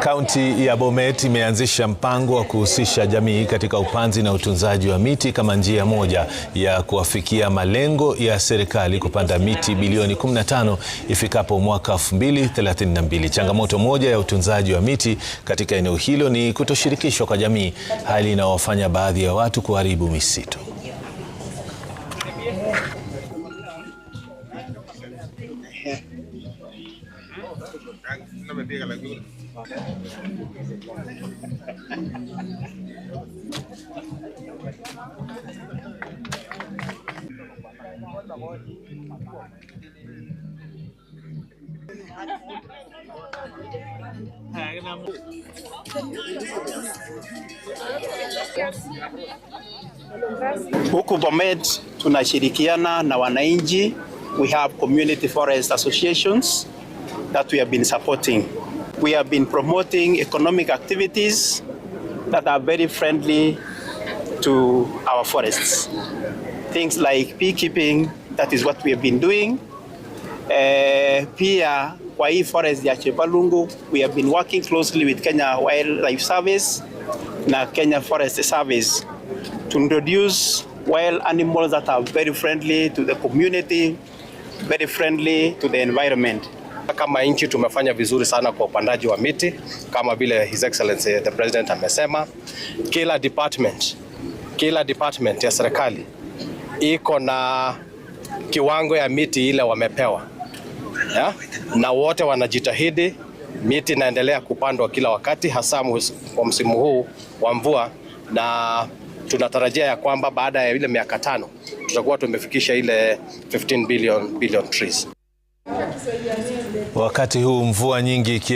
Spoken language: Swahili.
Kaunti ya Bomet imeanzisha mpango wa kuhusisha jamii katika upanzi na utunzaji wa miti kama njia moja ya kuafikia malengo ya serikali kupanda miti bilioni 15 ifikapo mwaka 2032. Changamoto moja ya utunzaji wa miti katika eneo hilo ni kutoshirikishwa kwa jamii, hali inayowafanya baadhi ya watu kuharibu misitu. Huku Bomet tunashirikiana na wananchi We have community forest associations that we have been supporting. We have been promoting economic activities that are very friendly to our forests. Things like beekeeping, that is what we have been doing. Eh, pia kwa forest ya we have been working closely with Kenya Wildlife Service and Kenya Forest Service to introduce wild animals that are very friendly to the community very friendly to the environment. Kama nchi tumefanya vizuri sana kwa upandaji wa miti kama vile His Excellency eh, the President amesema. Kila department, kila department ya serikali iko na kiwango ya miti ile wamepewa ya? Na wote wanajitahidi, miti inaendelea kupandwa kila wakati, hasa kwa msimu huu wa mvua, na tunatarajia ya kwamba baada ya ile miaka tano tutakuwa tumefikisha ile 15 billion, billion trees. Wakati huu mvua nyingi